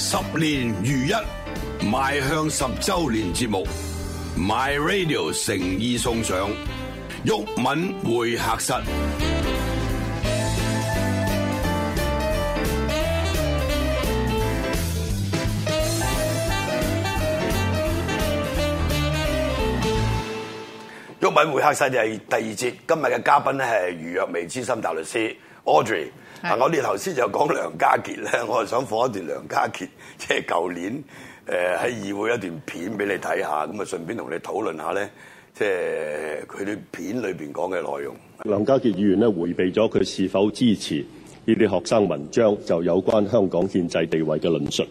十年如一，邁向十周年節目，My Radio 誠意送上，毓民會客室。各位會客室係第二節，今日嘅嘉賓咧係余若薇資深大律師 Audrey。嗱的，我哋頭先就講梁家傑咧，我係想放一段梁家傑，即係舊年誒喺、呃、議會一段片俾你睇下，咁啊順便同你討論下咧，即係佢啲片裏邊講嘅內容。梁家傑議員咧迴避咗佢是否支持呢啲學生文章就有關香港憲制地位嘅論述。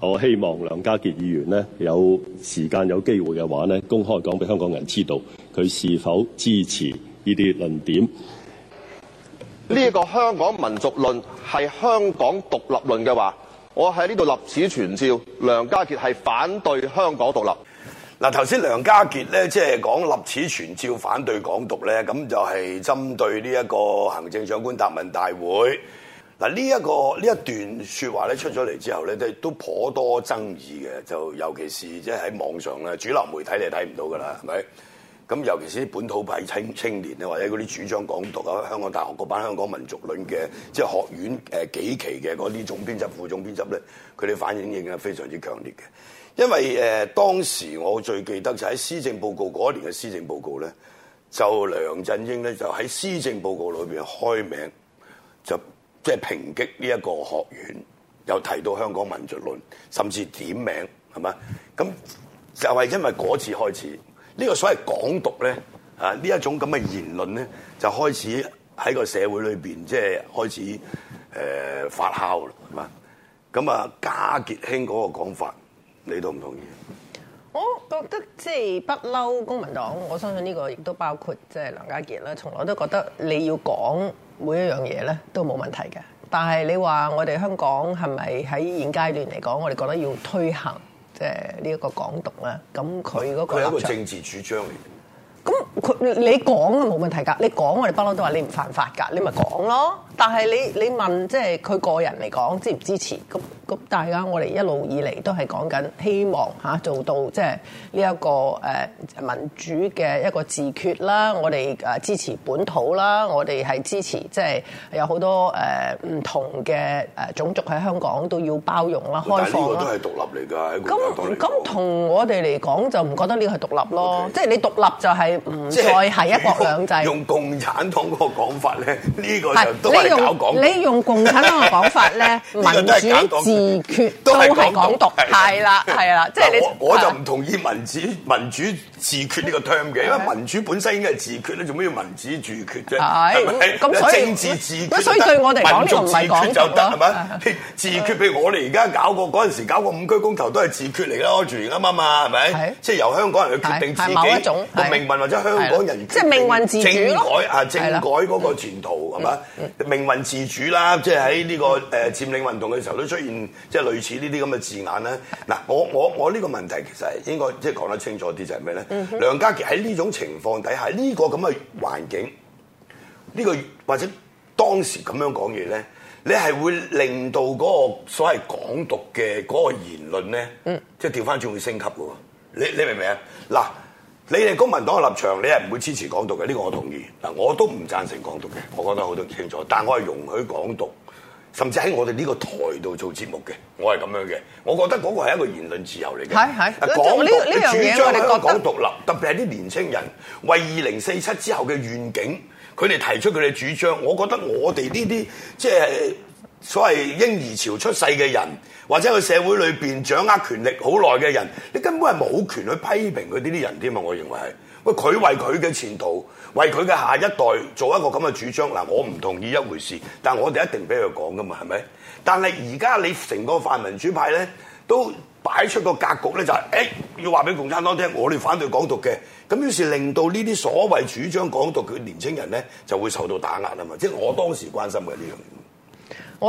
我希望梁家傑議員咧有時間有機會嘅話咧，公開講俾香港人知道，佢是否支持呢啲論點？呢個香港民族論係香港獨立論嘅話，我喺呢度立此存照，梁家傑係反對香港獨立。嗱，頭先梁家傑咧，即係講立此存照反對港獨咧，咁就係、是、針對呢一個行政長官答問大會。嗱，呢一個呢一段説話咧，出咗嚟之後咧，都都頗多爭議嘅，就尤其是即係喺網上咧主流媒體你睇唔到㗎喇，係咪？咁尤其是啲本土派青青年咧，或者嗰啲主張港獨啊、香港大學嗰班香港民族論嘅即學院誒幾期嘅嗰啲總編輯、副總編輯咧，佢哋反應應係非常之強烈嘅。因為誒、呃、當時我最記得就喺、是、施政報告嗰一年嘅施政報告咧，就梁振英咧就喺施政報告裏邊開名就。即係抨擊呢一個學院，又提到香港民族論，甚至點名，係嘛？咁就係因為嗰次開始，呢、這個所謂港獨咧，啊這這呢一種咁嘅言論咧，就開始喺個社會裏面，即、就、係、是、開始誒、呃、發酵啦，係嘛？咁啊，加傑興嗰個講法，你同唔同意？覺得即係不嬲，公民黨，我相信呢個亦都包括即係梁家傑啦。從來都覺得你要講每一樣嘢咧都冇問題嘅。但係你話我哋香港係咪喺現階段嚟講，我哋覺得要推行即係呢一個港獨咧？咁佢嗰個係一個政治主張嚟嘅。咁佢你講啊冇問題㗎，你講我哋不嬲都話你唔犯法㗎，你咪講咯。但係你你問即係佢個人嚟講支唔支持？咁咁大家我哋一路以嚟都係講緊希望嚇、啊、做到即係呢一個誒、呃、民主嘅一個自決啦。我哋、呃、支持本土啦，我哋係支持即係有好多誒唔、呃、同嘅誒種族喺香港都要包容啦、開放啦。但係呢個都係獨立嚟㗎，咁咁同我哋嚟講就唔覺得呢個係獨立咯。Okay. 即係你獨立就係唔再係一國兩制用。用共產黨嗰個講法咧，呢、這個就都你用共產黨嘅講法咧，民主自決都係港獨，係啦，係啦，即係你。我我就唔同意民主民主自決呢個 term 嘅，因為民主本身應該係自決咧，做咩要民主自決啫？係咪咁？政治自決，民族自決就得，係咪？自決譬如我哋而家搞個嗰陣時搞個五區公投都係自決嚟啦，我住完啱啊嘛，係咪？即係由香港人去決定自己命運或者香港人即係命運自主咯，政改啊，政改嗰個前途係咪？命運自主啦，即係喺呢個誒佔領運動嘅時候都出現，即係類似呢啲咁嘅字眼啦。嗱，我我我呢個問題其實係應該即係講得清楚啲，就係咩咧？梁家傑喺呢種情況底下，呢個咁嘅環境，呢個或者當時咁樣講嘢咧，你係會令到嗰個所謂港獨嘅嗰個言論咧，嗯，即係調翻轉會升級噶喎。你你明唔明啊？嗱。你哋公民黨嘅立場，你係唔會支持港獨嘅？呢個我同意。嗱，我都唔贊成港獨嘅，我講得好多清楚。但係我係容許港獨，甚至喺我哋呢個台度做節目嘅，我係咁樣嘅。我覺得嗰個係一個言論自由嚟嘅。係係。講呢呢樣嘢，我哋講獨立，特別係啲年輕人為二零四七之後嘅願景，佢哋提出佢哋嘅主張。我覺得我哋呢啲即係。所謂嬰兒潮出世嘅人，或者個社會裏邊掌握權力好耐嘅人，你根本係冇權去批評佢呢啲人添嘛！我認為係，喂佢為佢嘅前途，為佢嘅下一代做一個咁嘅主張嗱，我唔同意一回事，但我哋一定俾佢講噶嘛，係咪？但係而家你成個泛民主派咧，都擺出個格局咧、就是，就係誒要話俾共產黨聽，我哋反對港獨嘅，咁於是令到呢啲所謂主張港獨嘅年青人咧，就會受到打壓啊嘛！即、就、係、是、我當時關心嘅呢樣。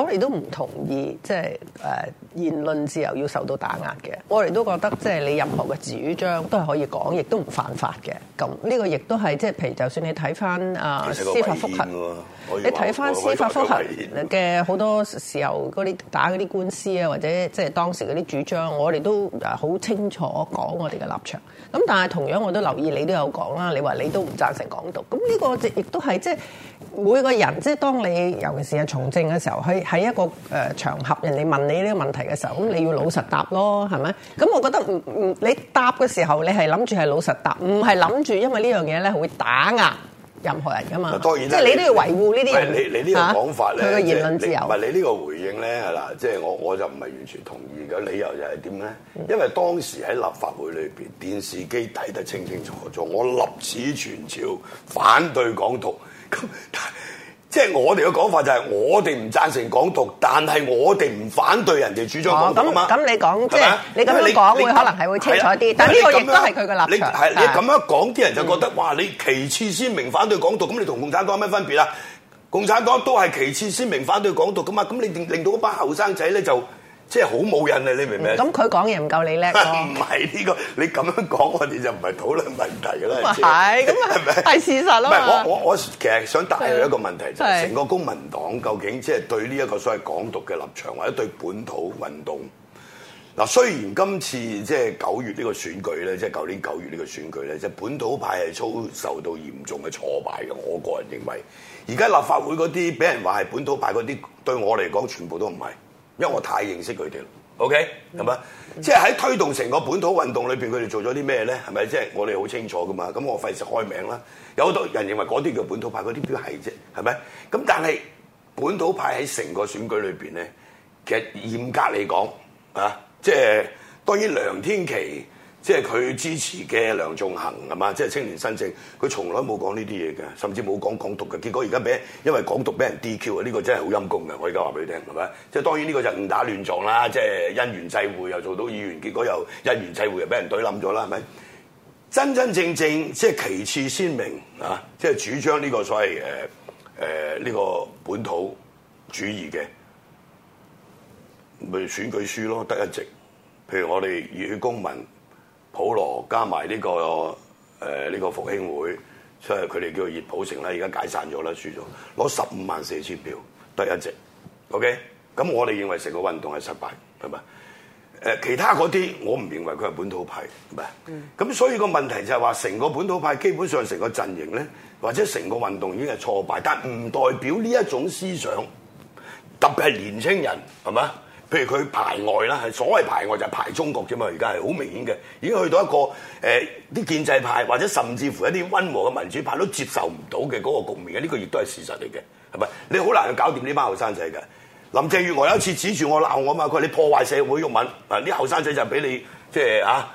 我哋都唔同意，即係誒言論自由要受到打壓嘅。我哋都覺得，即係你任何嘅主張都係可以講，亦都唔犯法嘅。咁呢個亦都係，即係譬如就算你睇翻啊司法複核，你睇翻司法複核嘅好多時候嗰啲打嗰啲官司啊，或者即係當時嗰啲主張，我哋都好清楚講我哋嘅立場。咁但係同樣我都留意你，你都有講啦。你話你都唔贊成港獨，咁呢個亦都係，即係每個人，即係當你尤其是係從政嘅時候喺一個誒場合，人哋問你呢個問題嘅時候，咁你要老實答咯，係咪？咁我覺得唔唔，你答嘅時候，你係諗住係老實答，唔係諗住，因為呢樣嘢咧會打壓任何人噶嘛。當然，即係你都要維護呢啲，你呢個講法呢，人嚇。佢嘅、啊、言論自由。唔係、嗯、你呢個回應咧，係啦，即係我我就唔係完全同意嘅。理由就係點咧？因為當時喺立法會裏邊，電視機睇得清清楚楚，我立此全朝反對港獨。 即係我哋嘅講法就係，我哋唔贊成港獨，但係我哋唔反對人哋主張港獨啊嘛。咁咁，你講即係你咁樣講，會可能係會清楚啲。但呢個亦都係佢嘅立場。係你咁樣講，啲人就覺得哇，你其次先明反對港獨，咁你同共產黨有咩分別啊？共產黨都係其次先明反對港獨噶嘛？咁你令令到一班後生仔咧就。即係好冇癮啊！你明唔明？咁佢講嘢唔夠你叻。唔係呢個，你咁樣講是，我哋就唔係討論問題啦。係咁啊，係咪？係事實啦。唔係我我我其實想帶出一個問題，就係成個公民黨究竟即係對呢一個所謂港獨嘅立場，或者對本土運動嗱？雖然今次即係九月呢個選舉咧，即係舊年九月呢個選舉咧，即係本土派係遭受到嚴重嘅挫敗嘅。我個人認為，而家立法會嗰啲俾人話係本土派嗰啲，對我嚟講全部都唔係。因為我太認識佢哋啦，OK，係嘛吧？嗯、即係喺推動成個本土運動裏邊，佢哋做咗啲咩咧？係咪？即係我哋好清楚噶嘛。咁我費事開名啦。有好多人認為嗰啲叫本土派，嗰啲叫係啫，係咪？咁但係本土派喺成個選舉裏邊咧，其實嚴格嚟講啊，即係當然梁天琦。即係佢支持嘅梁頌恆係嘛？即係青年新政，佢從來冇講呢啲嘢嘅，甚至冇講港獨嘅。結果而家俾因為港獨俾人 DQ 啊！呢個真係好陰功嘅。我而家話俾你聽係咪？即係當然呢個就誤打亂撞啦。即係因緣際會又做到議員，結果又因緣際會又俾人懟冧咗啦，係咪？真真正正即係其次鮮明啊！即係主張呢個所謂誒誒呢個本土主義嘅，咪選舉輸咯，得一席。譬如我哋熱血公民。普羅加埋呢、這個呢、呃這個復興會，所以佢哋叫熱普城啦，而家解散咗啦，輸咗攞十五萬四千票得一隻，OK？咁我哋認為成個運動係失敗，係咪、呃？其他嗰啲我唔認為佢係本土派，係係。咁、嗯、所以個問題就係話，成個本土派基本上成個陣營咧，或者成個運動已經係挫敗，但唔代表呢一種思想，特別係年青人，係咪譬如佢排外啦，係所謂排外就係排中國啫嘛，而家係好明顯嘅，已經去到一個誒啲、呃、建制派或者甚至乎一啲溫和嘅民主派都接受唔到嘅嗰個局面嘅，呢、呢個亦都係事實嚟嘅，係咪？你好難去搞掂呢班後生仔嘅。林鄭月娥有一次指住我鬧我嘛，佢話你破壞社會用文，呢啲後生仔就俾你即係啊。呃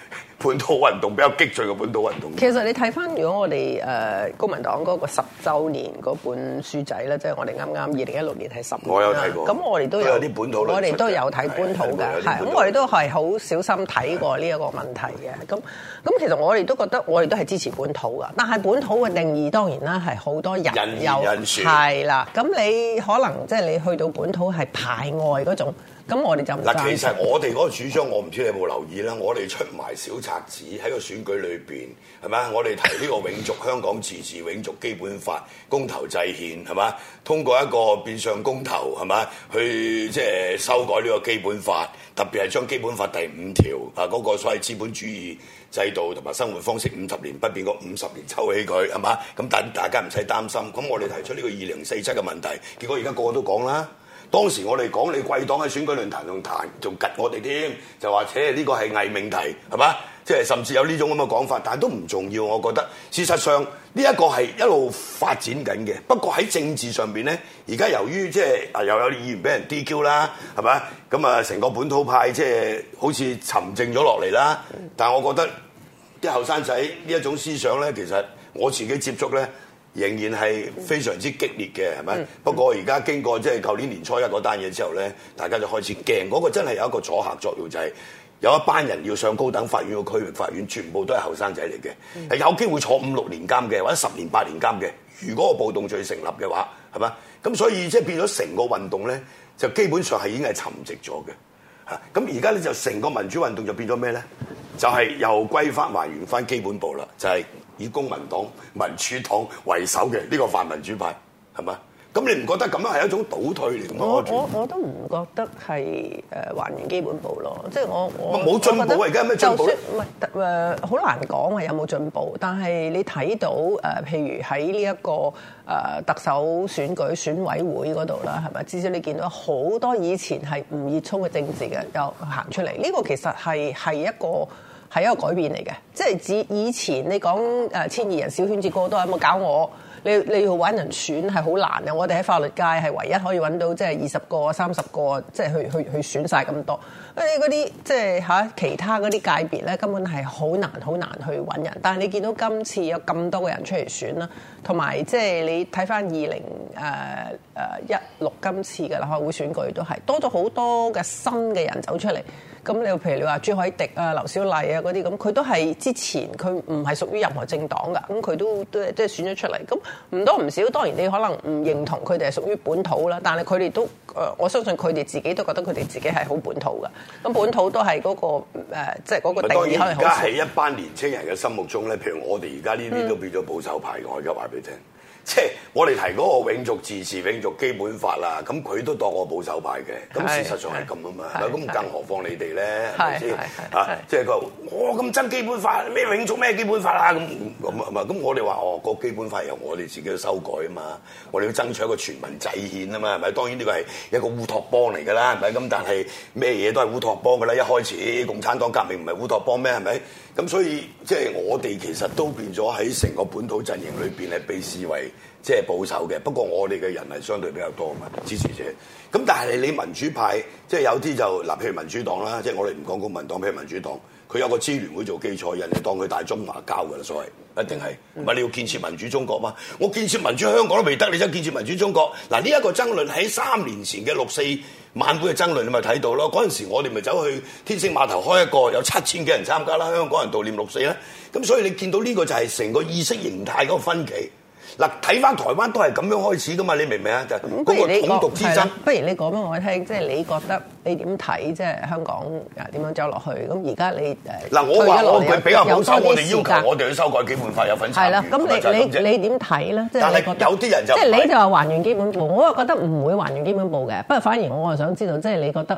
本土運動比較激進嘅本土運動。運動其實你睇返，如果我哋誒公民黨嗰個十週年嗰本書仔咧，即、就、係、是、我哋啱啱二零一六年係十年，我有睇過。咁我哋都有啲本、本土，我哋都有睇本土㗎，係咁我哋都係好小心睇過呢一個問題嘅。咁咁對其實我哋都覺得我哋都係支持本土㗎，但係本土嘅定義當然啦係好多人有，係啦。咁你可能即係、就是、你去到本土係排外嗰種。咁我哋就嗱，其實我哋嗰個主張，我唔知你有冇留意啦。我哋出埋小冊子喺個選舉裏邊，係咪啊？我哋提呢個永續香港、自治永續基本法、公投制憲，係咪啊？通過一個變相公投，係咪啊？去即係、就是、修改呢個基本法，特別係將基本法第五條啊嗰、那個所謂資本主義制度同埋生活方式五十年不變嗰五十年抽起佢，係咪啊？咁等大家唔使擔心。咁我哋提出呢個二零四七嘅問題，結果而家個個都講啦。當時我哋講你貴黨喺選舉論壇仲彈仲窒我哋添，就話，扯呢個係偽命題，係嘛？即係甚至有呢種咁嘅講法，但係都唔重要。我覺得事實上呢一個係一路發展緊嘅。不過喺政治上邊咧，而家由於即係又有議員俾人 DQ 啦，係嘛？咁啊，成個本土派即係好似沉靜咗落嚟啦。但係我覺得啲後生仔呢一種思想咧，其實我自己接觸咧。仍然係非常之激烈嘅，係咪？嗯嗯、不過而家經過即係舊年年初一嗰單嘢之後咧，大家就開始驚，嗰個真係有一個阻嚇作用，就係、是、有一班人要上高等法院個區域法院，全部都係後生仔嚟嘅，嗯、有機會坐五六年監嘅，或者十年八年監嘅。如果個暴動罪成立嘅話，係咪？咁所以即係變咗成個運動咧，就基本上係已經係沉寂咗嘅嚇。咁而家咧就成個民主運動就變咗咩咧？就係、是、又歸翻還原翻基本步啦，就係、是。以公民黨、民主黨為首嘅呢、這個泛民主派，係咪？咁你唔覺得咁樣係一種倒退嚟？我我我都唔覺得係誒還原基本法咯，即係我我冇進步而家有咩進步？步就算唔係誒，好、呃、難講係有冇進步。但係你睇到誒、呃，譬如喺呢一個誒、呃、特首選舉選委會嗰度啦，係咪？至少你見到好多以前係唔熱衷嘅政治嘅，又行出嚟。呢、這個其實係係一個。係一個改變嚟嘅，即係指以前你講誒千二人小圈子過多，有冇搞我？你你要揾人選係好難嘅。我哋喺法律界係唯一可以揾到即係二十個、三十個，即係去去去選晒咁多。誒嗰啲即係嚇其他嗰啲界別咧，根本係好難、好難去揾人。但係你見到今次有咁多個人出嚟選啦，同埋即係你睇翻二零誒誒一六今次嘅立法會選舉都係多咗好多嘅新嘅人走出嚟。咁你譬如你話朱海迪啊、劉小麗啊嗰啲咁，佢都係之前佢唔係屬於任何政黨噶，咁佢都都即係選咗出嚟。咁唔多唔少，當然你可能唔認同佢哋係屬於本土啦，但係佢哋都誒，我相信佢哋自己都覺得佢哋自己係好本土㗎。咁本土都係嗰個誒，即係嗰個。呃即係、嗰個定義可當然，而家係一班年青人嘅心目中咧，譬如我哋而家呢啲都變咗保守派。我而家話俾你聽。嗯即係我哋提嗰個永續自治、永續基本法啦，咁佢都當我保守派嘅，咁事實上係咁啊嘛。咁更何況你哋咧，係咪先？啊，吧即係佢我咁爭基本法，咩永續咩基本法啊？咁咁啊嘛。咁是是我哋話哦，個基本法由我哋自己去修改啊嘛，我哋要爭取一個全民制憲啊嘛，係咪？當然呢個係一個烏托邦嚟㗎啦，係咪？咁但係咩嘢都係烏托邦㗎啦，一開始共產黨革命唔係烏托邦咩？係咪？咁所以即係我哋其實都變咗喺成個本土陣營裏邊係被視為。即係保守嘅，不過我哋嘅人係相對比較多啊嘛，支持者。咁但係你民主派，即係有啲就嗱，譬如民主黨啦，即係我哋唔講公民黨，譬如民主黨，佢有個支聯會做基礎，人哋當佢大中華膠㗎啦，所謂一定係，唔係你要建設民主中國嘛？我建設民主香港都未得，你真建設民主中國？嗱，呢一個爭論喺三年前嘅六四晚會嘅爭論，你咪睇到咯。嗰陣時我哋咪走去天星碼頭開一個有七千幾人參加啦，香港人悼念六四呢。咁所以你見到呢個就係成個意識形態嗰個分歧。嗱，睇翻台灣都係咁樣開始噶嘛，你明唔明啊？就嗰個統獨之爭。的不如你講，不如你講俾我聽，即係你覺得你點睇，即係香港啊點樣走落去？咁而家你誒。嗱，我話我佢比較保守，我哋要求我哋要修改基本法有份。係啦，咁你你你點睇咧？即係但係有啲人就即係你就話還原基本步，我又覺得唔會還原基本步嘅。不過反而我係想知道，即係你覺得。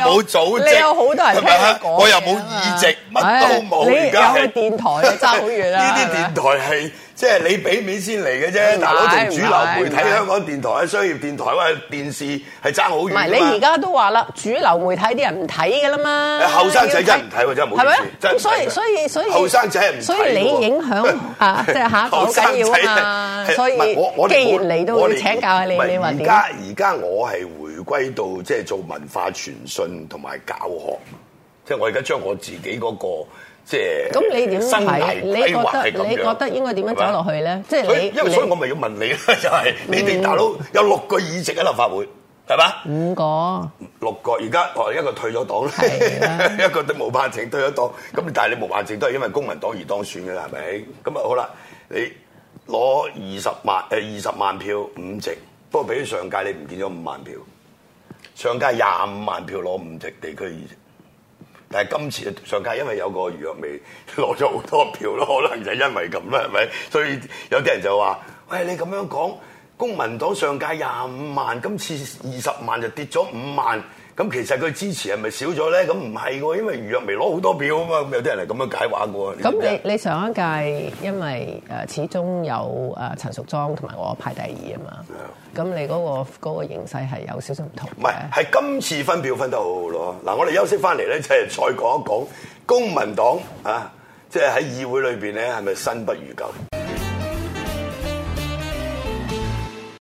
冇組織，香港，我又冇議席，乜都冇。而家去電有個電台，爭好遠啦，呢啲電台係即係你俾面先嚟嘅啫。大佬，同主流媒體，香港電台、啲商業電台或者電視係爭好遠。唔係，你而家都話啦，主流媒體啲人唔睇嘅啦嘛。後生仔真係唔睇喎，真係冇。係咪咧？咁所以所以所以，後生仔係唔睇所以你影響啊，即係下一代好緊要啊，所以，我我我我我我既然你都要請教你你，我我我我我我我歸到即係做文化傳訊同埋教學，即係我而家將我自己嗰、那個即係咁你生涯規劃係咁樣。你覺,你覺得應該點樣走落去咧？即係你因為所,以你所以我咪要問你咧，就係、是、你哋、嗯、大佬有六個議席喺立法會，係嘛？五個、六個，而家哦一個退咗黨，是的一個都冇辦證退咗黨。咁的但係你冇辦證都係因為公民黨而當選嘅啦，係咪？咁啊好啦，你攞二十萬誒二十萬票五席，不過比起上屆你唔見咗五萬票。上屆廿五萬票攞五席地區議席，但係今次上屆因為有個余若薇，攞咗好多票咯，可能就係因為咁啦，係咪？所以有啲人就話，喂，你咁樣講。公民黨上屆廿五萬，今次二十萬就跌咗五萬，咁其實佢支持係咪少咗咧？咁唔係喎，因為余若薇攞好多票啊嘛，有啲人嚟咁樣解話嘅喎。咁你你，你上一屆因為誒始終有誒陳淑莊同埋我排第二啊嘛，咁是的 你嗰個嗰個形勢係有少少唔同。唔係，係今次分票分得好好咯。嗱，我哋休息翻嚟咧，即係再講一講公民黨啊，即係喺議會裏邊咧，係咪新不如舊？